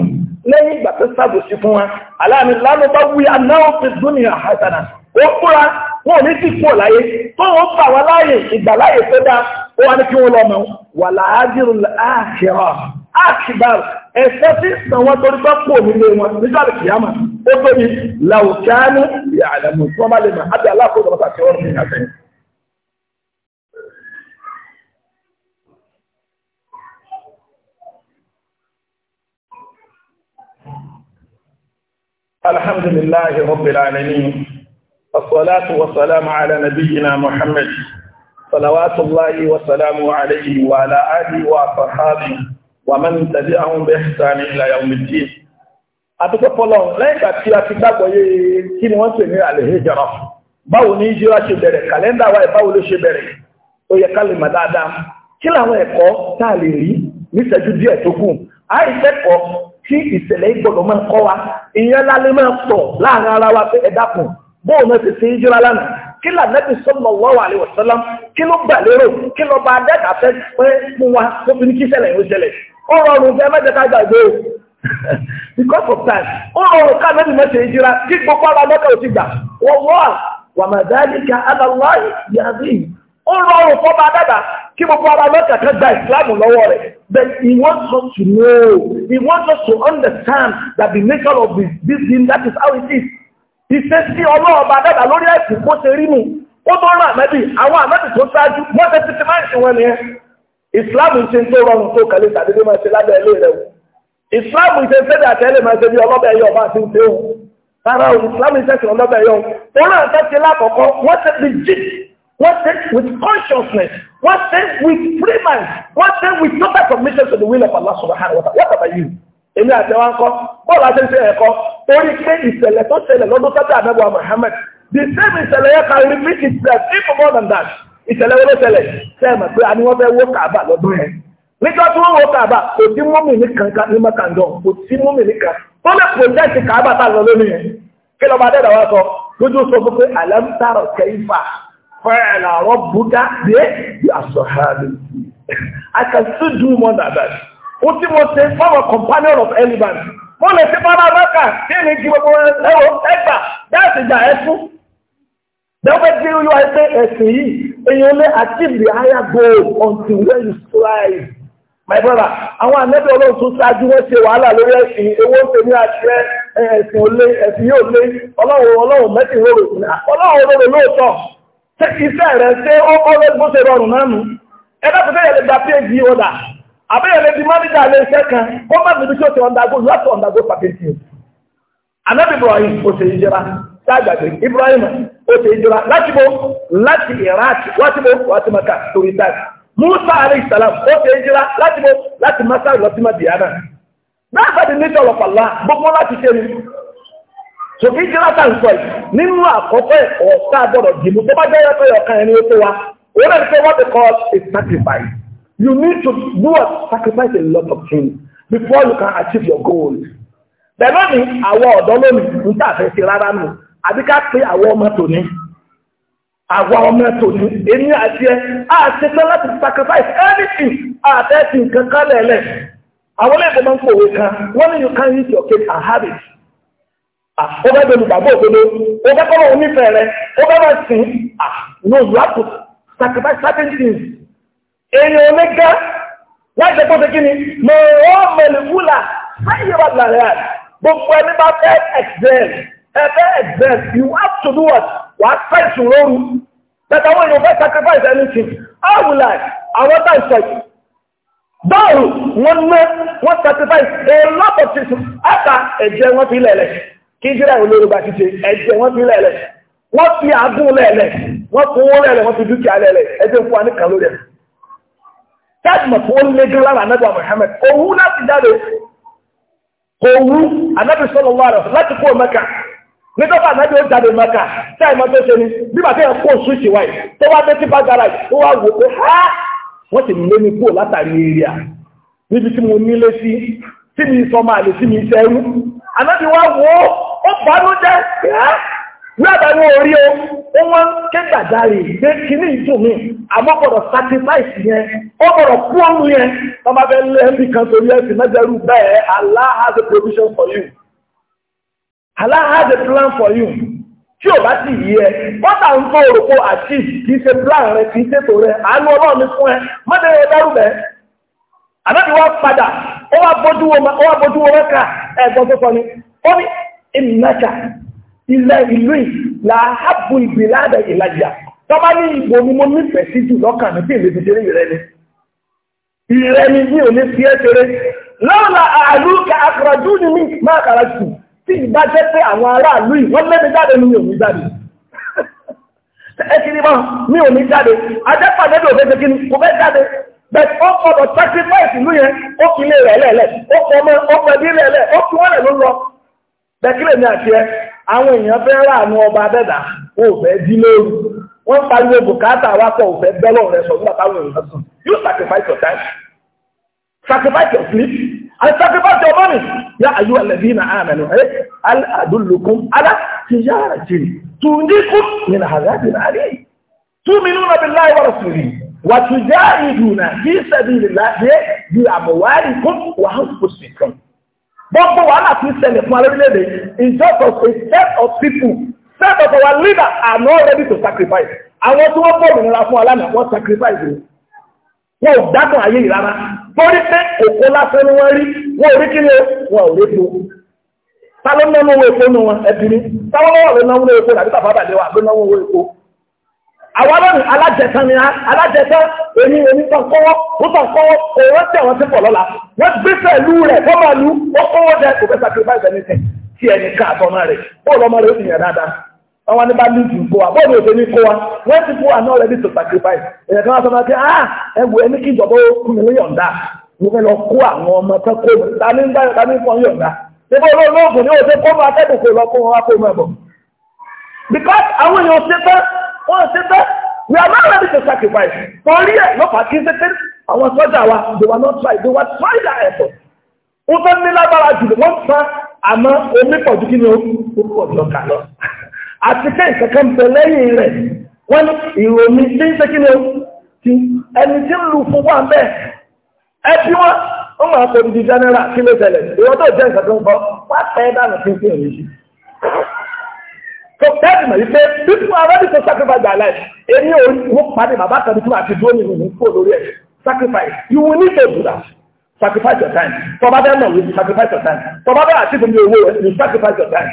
lẹ́yìn ìgbà tó ṣàbòsí fún wa aláàmì lánà bá wí anáwọ̀pì dúnìyà hasana ó kúra wọn ò ní sí kú ọ̀láyé tó ń fà wá láàyè ìgbà láàyè tó dáa ó wá ní kí wọ́n lọ mọ̀ wà láàájírù àṣírọ̀ àṣìbàrù ẹ̀fẹ́ tí sàn wọn torí bá òmìnira wọn nígbà tí kìí ó tóbi làwùkánú ìyá tí wọ́n bá lè mọ̀ àbí الحمد لله رب العالمين والصلاة والسلام على نبينا محمد صلوات الله وسلامه عليه وعلى آله وصحابه ومن تبعهم بإحسان إلى يوم الدين àtúkọ́ fọ́lọ́ lẹ́yìnkà tí a ti gbàgbọ́yé kí ni wọ́n pè ní àlèhéjọ́rọ̀ báwo ní ìjírá ṣe bẹ̀rẹ̀ kàlẹ́ndà wa ìbáwo ló ṣe bẹ̀rẹ̀ ó yẹ ká lè mọ̀ dáadáa kí làwọn ẹ̀kọ́ tá a lè rí níṣẹ́jú díẹ̀ tó kù àìsẹ́kọ̀ọ́ kí ìṣẹ̀lẹ̀ ìgbọ̀dọ̀ máa kọ́ wa ìyẹn lálẹ́ máa pọ̀ láàrin ara wa pé ẹ̀dá kan bóun ti ṣe é jọra lánàá kí lànàbì sallallahu alaihi wasallam kí ló gbà lérò kí ló bá dẹ́ka pé fún wa tó fi ní kí ìṣẹ̀lẹ̀ yóò ṣẹlẹ̀ ó rọrùn fẹ́ mẹ́tẹ̀ẹ̀ká gbàgbé o because of time ó rọrùn ká lẹ́nu mẹ́tẹ̀ẹ̀ ìjìra kí gbogbo ara mẹ́ta ò gbà wọ́n wọ́n wàmàdálíkà aláwọ̀ yàrá ó kí gbogbo ara mẹ́ta kan gba ìsìláàmù lọ́wọ́ rẹ̀ but he wants us to know he wants us to understand that the nature of this this thing that is how it is ìṣesí ọlọ́ọ̀bá dàgbà lórí ẹ̀sìn kó ṣe rí mu ó tó rán àmẹ́bí àwọn àmẹ́bí tó ṣáájú wọ́n ṣe títí máa ń ṣe wọn nìyẹn ìsìláàmù ṣe ń tó rọrùn tó kàlẹ́ tàbí bí máa ṣe lábẹ́ ilé rẹ̀ o ìsìláàmù ṣe ń fẹ́ dà tẹ́lẹ̀ máa ṣe bí ọlọ́bẹ̀ ẹ̀yọ́ bá ti ń ṣe o rárá o ìsìláàmù ṣe ń ṣe ọlọ́bẹ̀ ẹ̀yọ́ o òun àtẹ́sí lákọ̀ọ́kọ́ wọ́n ṣe bí jíìtì What ṣe with consciousness. What ṣe with free mind. What ṣe with total submission to the will of Allah subhanahu wa ta'ala. What about you? Èmi àti ẹwà ń kọ́, bọ́ọ̀lù àti ṣe ẹ̀kọ́, torí pé ìṣẹ̀lẹ̀ tó ṣẹlẹ̀ lọ́dún sátẹ̀ àbẹ́bọ̀ Muhammad. The same ìṣẹ̀lẹ̀ yẹn kan repeat itself even more than that. Ìṣẹ̀lẹ̀ wo ló ṣẹlẹ̀? Sẹ́ẹ̀mọ̀ pé a ní wọ́n fẹ́ wó Kaaba lọ́dún yẹn. Nígbà tí wọ́n wó Kaaba, kò sí mọ́mì ní kankan ní Mọ́kàndọ̀, kò sí mọ́mì ní kan. Tó lè project Kaaba tá fa'ala rabbuka bi ashabil I can still do more than that. Ó tí form a companion of elephant. Mo lè ṣe fara bákà gbogbo ẹ̀rọ ẹgbà dáàsì gbà ẹ fún. Dọ́gbẹ́ tí ó ẹ̀sìn yìí, èèyàn lé achieve the higher goal you strive. My brother, àwọn àmẹ́bí ọlọ́run tún ṣáájú wọ́n ṣe wàhálà lórí ẹ̀sìn owó ní àṣẹ ẹ̀sìn yóò lé ọlọ́run ọlọ́run ọlọ́run iṣẹ́ rẹ̀ ṣé ó always bó ṣe rọrùn náà nù ẹlẹ́pẹ̀tẹ́ yẹn lè gba phd order àbẹ́yẹn lè di manager ilé iṣẹ́ kan kó má níbi tí ó ti undergo you have to undergo patenting anabi ibrahim ó ṣe ìjẹra sáàgbàgbé ibrahim ó ṣe ìjẹra láti bo láti iraq láti bo láti maka torí táì musa alayhi salam ó ṣe ìjẹra láti bo láti maka lọ sí madiana náà fẹ́ẹ́ di nature of sòfin jẹ́rátà ń sọ yìí nínú àkọ́kọ́ ẹ̀kọ́ tá a gbọ́dọ̀ dìbò tó bá jẹ́ ẹ̀kọ́ ọ̀kan ẹni ó tó wa òun náà ti what they call a sacrifice you need to do a sacrifice a lot of things before you can achieve your goal. bẹ́ẹ̀ lónìí àwọn ọ̀dọ́ lónìí ń tà fẹ́ sí rárá nù àbí ká pé àwọn ọmọ tòní àwa ọmọ tòní èmi àti ẹ á ṣe tán láti sacrifice anything àtẹ́sí nǹkan kálẹ̀ lẹ̀ àwọn ilé ìfowópamọ́ kan wọ́n ní you can eat your cake and have it. Ah, ó fẹ́ bẹ̀rù gbàgbọ́ òdodo ó fẹ́ kọ́lọ́ onífẹ̀ẹ́ rẹ ó fẹ́ bẹ̀ sìn ah, no you have to sacrifice certain things èèyàn onígá láti ẹ̀kọ́ ṣe kí ni mo rọ́ mẹ̀lúwúlà sáyé wà lára gbogbo ẹni bá fẹ́ excel ẹ̀fẹ́ excel you have to do what wàá fẹ́ sùn lóru tẹ̀tẹ̀ àwọn èèyàn fẹ́ sacrifice anything how will I àwọn tá ìṣẹ̀yìn báwo wọ́n ná wọ́n sacrifice a lot of things after ẹ̀jẹ̀ wọn fi lẹ̀lẹ̀. kí jíra olórúgbà ti ṣe ẹ̀jẹ̀ wọ́n fi lẹ́lẹ̀ wọ́n fi àágùn lẹ́lẹ̀ wọ́n fún owó lẹ́lẹ̀ wọ́n fi dúkìá lẹ́lẹ̀ ẹjẹ́ fún wa ní kan lórí lé dúró lára Muhammad òun láti jáde òun anábì sọ́lọ́ wà rẹ̀ láti kó Mẹ́kà anábì ó ni kó switch wáyé tó wá dé garage wá wò pé ha wọ́n ti lé mi kúrò látàrí níbi tí mo nílé sí mi sọ máa lè sí mi sẹ́rú anábì ó bọ́nú jẹ́ lábàánú orí o ó wọ́n kégbàjarè gbé kíní ìdùnmí àmọ́ sacrifice yẹn ó kú ọ̀run yẹn wọ́n bá fẹ́ lé ẹbí ala has a provision for you Allah has a plan for you tí o bá ti yí ẹ bọ́tà ń tó àti ṣe plan rẹ rẹ àánú fún ẹ àbẹ́bí padà ó bójú wọn ẹ̀gbọ́n tó sọ ni ó ní ìnáka ilẹ̀ ìlú làábù ìgbìláàdà ìlàjà tọ́bá ní ìbò ni mo nífẹ̀ẹ́ sí jù lọ́kàn ní ìlú ti ṣeré ìrẹ́ni ìrẹ́ni ní òní sí ẹ́ṣẹ́rẹ́ lọ́la àlú ka àkàràjú ni mí máa kàrà jù tí ìbá jẹ́ pé àwọn aráàlú yìí wọ́n lẹ́ni jáde ní òní jáde ẹ ti ní bá mi ò ní jáde ajẹ́pàdé bí òfin ṣe kí ni kò fẹ́ jáde bẹ́ẹ̀ ó fọdọ̀ sacrifice ìlú yẹn ó fi lé rẹ̀ lẹ́lẹ̀ ó fọmọ ó ó fi bẹ́kílẹ̀ ní àti ẹ àwọn èèyàn fẹ́ ráàánú ọba dẹ́dà ó fẹ́ dí lóru wọ́n pariwo bùkátà wákọ̀ ò fẹ́ bẹ́lọ̀ rẹ sọ nígbà táwọn èèyàn sùn you sacrifice your time sacrifice your sleep and sacrifice your money yá àyù ẹlẹ́bí na àmẹ́nu ẹ aládùlùkùn alá ti yá àjìn tùndínkù ní nàhàgàdì náà rí túmínú nàbí láì wọ́n sùn rí wàtúndé àìdùn náà bí sẹ́bí kún gbogbo wàhálà tún ṣẹlẹ̀ fún alórílẹ̀-èdè just of a set of people set of our leaders are not ready to sacrifice àwọn tí wọ́n bọ̀lù nira fún aláàmì wọ́n sacrifice o wọn ò dákun ayé yìí rárá torí pé òkú lásán ni wọ́n rí wọn ò rí kí ni wọn ò rí tó ta ló náwó owó epo nu wọn ẹbí ni ta ló náwó owó epo nàbí tàbá bàlẹ́ wà ló náwó owó àwọn ọlọ́run alájẹta ni alájẹta èmi èmi tàn kọ́wọ́ ó tàn kọ́wọ́ òun tẹ̀ wọ́n ti pọ̀ lọ́la wọ́n gbèsè ìlú rẹ̀ fọ́mọ ìlú ó kọ́wọ́ jẹ kò fẹ́ sacrifice anything tí ẹni ká àtọ́mọ rẹ̀ ó lọ́mọ rẹ̀ ó sì yàn dáadáa àwọn ní bá ní jù kó wa bọ́ọ̀lù òde ní kó wa wọ́n ti fún wa náà ready to sacrifice èyàn kan wá sọ ma pé ah ẹ wo ẹni kí ìjọba ó kún mi ní yọ̀ǹda mo fẹ́ lọ kó àwọn ọmọ tó kó mi ta ní bá ta ní fún yọ̀ǹda ṣébí olóògùn ní òde kó mu akẹ́kọ̀ọ́ lọ kó wọn wá because àwọn èèyàn ṣe tán ó ṣe bẹ́ẹ̀ we are not ready to sacrifice torí ẹ̀ lọ́pàá kí n ṣe pé àwọn sọ́jà wa they were not try they were try their effort ó fẹ́ ní lágbára jù wọ́n san àmọ́ omi pọ̀ ju kí ni ó pọ̀ jù ọkà lọ àti pé ìkankan bẹ lẹ́yìn rẹ̀ wọ́n ní ìròmí tí ń ṣe kí ni ó ti ẹni tí ń lu fún wa bẹ́ẹ̀ ẹ bí wọ́n ó máa pọ̀ ju general kí ló tẹ̀lẹ̀ ìwọ́n tó jẹ́ ìkàtọ́ ń bọ́ wá pẹ́ dànù fún fún ìrìnsì So that is my say, people are ready to sacrifice their life. Èmi ò wọ́n pàdé bàbá kan tí wọ́n àti dúró nínú kó lórí ẹ̀. Sacrifice. You will need to do that. Sacrifice your time. Tọ́ba bẹ́ẹ̀ náà you sacrifice your time. Tọ́ba bẹ́ẹ̀ achieve ní owó rẹ̀ you sacrifice your time.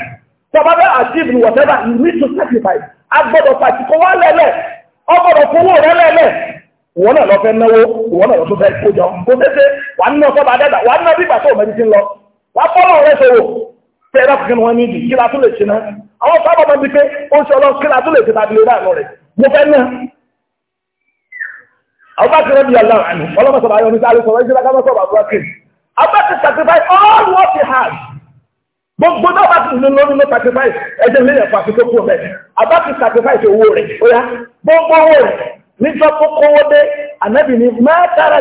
Tọ́ba bẹ́ẹ̀ achieve ní whatever you need to sacrifice. A gbọ́dọ̀ pàtì kó wá lẹ́lẹ̀. Ọ gbọ́dọ̀ fowó rẹ̀ lẹ́lẹ̀. Ìwọ náà lọ fẹ́ náwó, ìwọ náà lọ tó fẹ́ kó jọ. Kó tẹ́tẹ́, wà á ná sọ́ba pé ẹ̀rọ wọn níbi kí la lè ṣe náà àwọn sábà bí pé ó ń ṣe ọlọ́run kí la lè ṣe tàbí lórí àná rẹ̀ mo fẹ́ náà. àwọn bá kẹrẹ́ bí ọlọ́run àná ọlọ́run sọ̀rọ̀ sacrifice all what he has gbogbo náà bá ti lè lórí ló sacrifice ẹ̀jẹ̀ lè yẹn pàṣẹ tó kú ọ̀bẹ abẹ́ ti sacrifice owó rẹ̀ óyá gbogbo owó rẹ̀ níjọ́ kókó wọ́dé ànábì ni má dára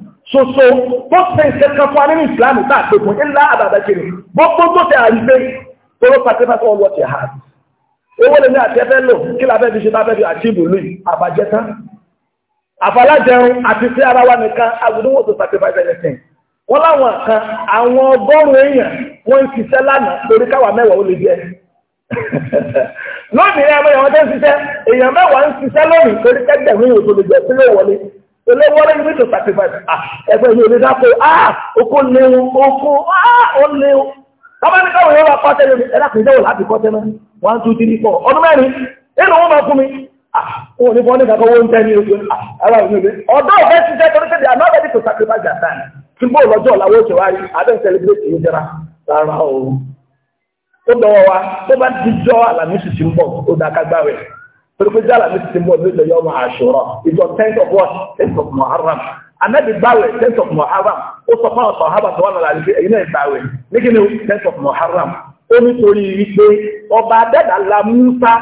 soso tó ṣe ìṣẹ́kan fún anínú ìsìláàmù tá àpékun ńlá àbàbàkiri gbogbo tó tẹ àrígbé tóró pàtẹ́fàtẹ́ wọn wọ́n ti hà owó lè ní àtẹ́fẹ́ lò kí la fẹ́ fi ṣe bá fẹ́ fi àti ìbòlú àbàjẹ́ta àfàlájẹun àti sí ara wa nìkan agbódówó tó pàtẹ́fàtẹ́ ẹ̀sìn wọ́n láwọn kan àwọn ọgọ́rùn-ún èèyàn wọ́n ń ṣiṣẹ́ lánàá torí káwa mẹ́wàá ó lè jẹ́ lónìí ẹ̀mọ́ ìyàwó tó ń ṣiṣẹ́ èèyàn mẹ́wàá ń ṣiṣẹ́ lónìí torí kẹ́gbẹ̀rún yóò tó lè jẹ́ sílé wọlé ẹlẹ́wọ́rẹ́ ìwé tó sacrifice ah, ẹgbẹ́ ìlú ilé dáko ah, oko léwu oko ah, ó léwu bàbá káwọn yóò bá ẹ̀dá kìí láti kọ́ tẹ́lẹ̀ one two three four ọdún mẹ́rin wọn máa fún mi ní ń oṣù ìlú ọ̀fẹ́ ti jẹ́ àná tó sacrifice their time tí bó lọ́jọ́ oṣù celebrate jẹra rárá o torípé jala mi ti bọ̀ nílẹ̀ yọ ọmọ àṣùrọ̀ ìjọ tenth of what tenth of muharram anabi gbàwẹ̀ tenth of muharram ó sọ fún ọ̀sán ọ̀hábà tó wà lọ́la àdìgbé ẹ̀yin náà gbàwẹ̀ ní kí ni tenth of muharram ó nítorí wípé ọba adẹ́dà la musa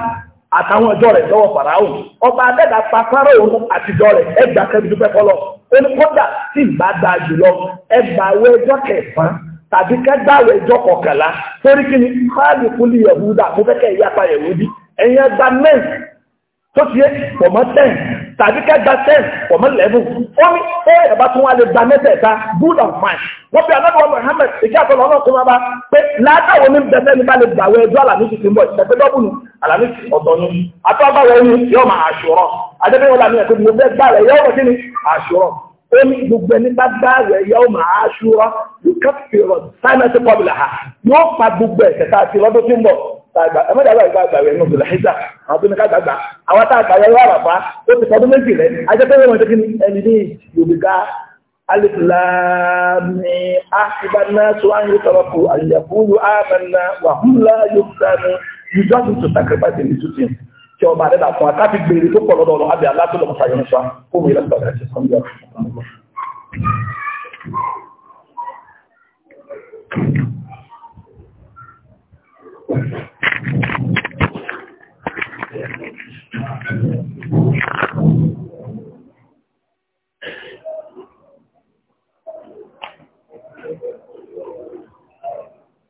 àtàwọn ọjọ́ rẹ̀ lọ́wọ́ faraon ọba adẹ́dà pa faraon àtijọ́ rẹ̀ ẹgbà kẹ́bi dúpẹ́ kọ́lọ́ ó ní kódà tí ìgbà dáa jùlọ ẹgbàwẹ̀ ẹjọ́ kẹfàn tàbí kẹgbàwẹ̀ ẹjọ́ kọkànlá torí kí ni káàdì kúlì yẹ̀húdà mo fẹ́ kẹ́ ìyá pa yẹ̀húdì ẹ̀yin ẹgbà mẹ́rin tó ti yé pọ̀ mọ́ ten tàbí kẹgbà ten pọ̀ mọ́ eleven ó ní ó yẹ bá tún wá lè gba mẹ́tẹ̀ẹ̀ta good and fine wọ́n pe anábìwọ́ Muhammad ìkí àtọ́nà ọ̀nà ọ̀kùnrin bá pé látàwọ̀ ní bẹ́sẹ̀ ní bá lè gbà wẹ́ ẹjọ́ àlàní tuntun bọ̀ ìṣẹ̀pẹ́ dọ́bùnù àlàní ọ̀tọ̀ ni àtọ́gbà wẹ́ ni yóò máa àṣùrọ̀ adébẹ́yẹ wọlé àmì ẹ̀kọ́ mo fẹ́ gbà rẹ̀ yóò wọ́n kí ni àṣùrọ̀ ó ní gbogbo ẹni bá gbà rẹ̀ yóò máa àṣùrọ̀ yóò kẹ́kẹ́ fèrè sáyẹ́mẹ́sì pọ́bìlà yóò pa gbogbo ẹ̀ṣẹ̀ tá a ti lọ́dún tí ń bọ̀ ẹmọ́dàgbà ìgbà àgbàwẹ̀ ní òṣèlú àìsà àwọn tó ní kágbàgbà àwọn tá àgbàwẹ̀ wà ràpá ó ti fọdún méjì rẹ̀ ajẹ́pẹ́rẹ́ wọn tẹ́kí ẹni ní yorùbá alìsìláàmì àìbáná tó wá ń yí tọrọkù àyẹ̀kúrú àmàna wàhúnlá yorùbá ní you just need to sacrifice the little thing kí ọba rẹ̀ dàpọ̀ àtàfi gbèrè tó pọ̀ lọ́dọ̀ ọ̀rọ̀ abẹ́ alátọ́lọ́mọ Thank you. Thank you.